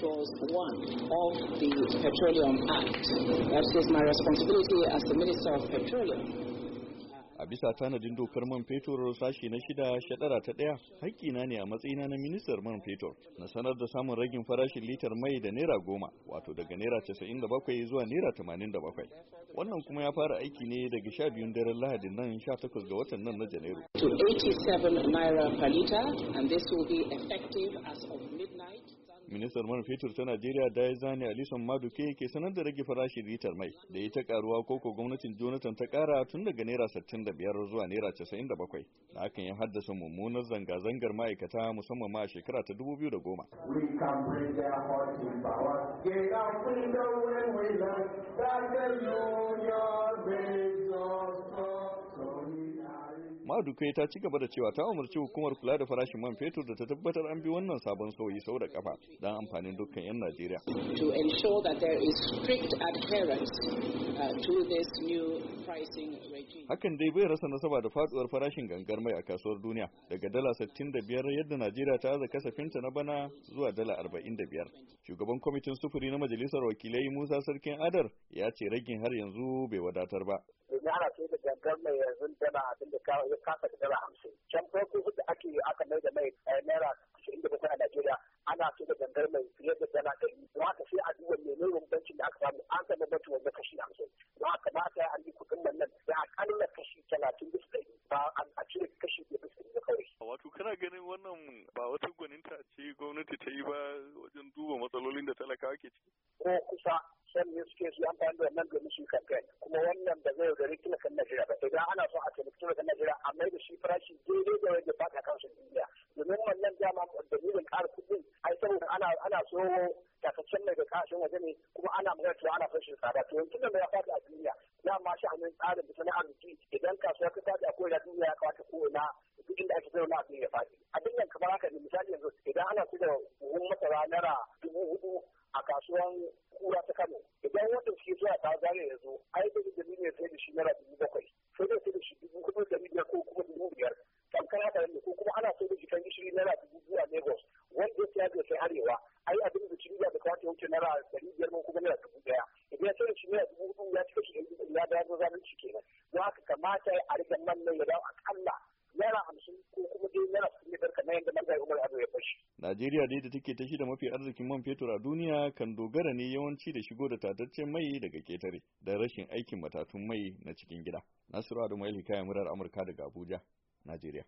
clause one of the Petroleum Act. That was my responsibility as the Minister of Petroleum. a bisa tanadin dokar man fetur sashi na shida shadara ta daya na ne a matsayina na ministar man fetur na sanar da samun ragin farashin litar mai da naira goma wato daga naira casa'in da bakwai zuwa naira tamanin da bakwai wannan kuma ya fara aiki ne daga sha biyun daren lahadin nan sha takwas ga watan nan na janairu to 87 naira per liter and this will be effective as of midnight ministar man fetur ta najeriya ya zani alison maduke ke sanar da rage farashin litar mai da ita karuwa koko gwamnatin jonathan ta kara tun daga naira biyar zuwa naira casa'in da bakwai da hakan yi haddasa mummunar zanga-zangar ma'aikata musamman ma a shekara ta 2010 Get da goma Madukai ta ci gaba da cewa ta umarci hukumar kula da farashin man fetur da ta tabbatar an bi wannan sabon sauyi sau da kafa don amfanin dukkan 'yan Najeriya. To ensure that there is strict adherence Uh, Hakan dai bai rasa nasaba da faduwar farashin gangar mai a kasuwar duniya daga dala 65 yadda Najeriya ta aza kasafinta na bana zuwa dala 45. Shugaban kwamitin sufuri na majalisar wakilai Musa Sarkin Adar ya ce ragin har yanzu bai wadatar ba. Yara ce da gangar mai yanzu dala abin da ya kasa da dala 50. Can farko ake aka mai mai eh, naira talatin bisa ba a cire kashi da kawai. Wato kana ganin wannan ba wata gwaninta ce gwamnati ta yi ba wajen duba matsalolin da talakawa ke ciki? Ko kusa san ne suke su an bayan da wannan domin su kankan kuma wannan ba zai gari kan Najeriya ba idan ana so a taimaki talakan Najeriya a mai da shi farashi daidai da wanda ba ta kansu duniya domin wannan dama dalilin ƙara ana so takaccen mai da kashin waje ne kuma ana magana cewa ana fashin tsada to yanzu da ya faɗi a duniya na ma shi hannun tsarin a arziki idan kasuwa ta faɗi a kowane duniya ya kamata kowane duk inda ake zaune abin ya faɗi abin nan kamar haka ne misali yanzu idan ana su da buhun masara naira dubu hudu a kasuwan kura ta kano idan wanda suke zuwa ta zare ya zo ai da ne sai da shi nara dubu bakwai kuma naira dubu daya idan ya sai shi naira dubu hudu ya cika shi ya dawo zalunci kenan don haka kamata ya arga man nan ya dawo akalla naira hamsin ko kuma dai naira sun yi barka na yadda margayi umar ado ya fashi. Najeriya dai da take ta da mafi arzikin man fetur a duniya kan dogara ne yawanci da shigo da tataccen mai daga ketare da rashin aikin matatun mai na cikin gida. Nasiru Adamu Hikaya murar Amurka daga Abuja, Najeriya.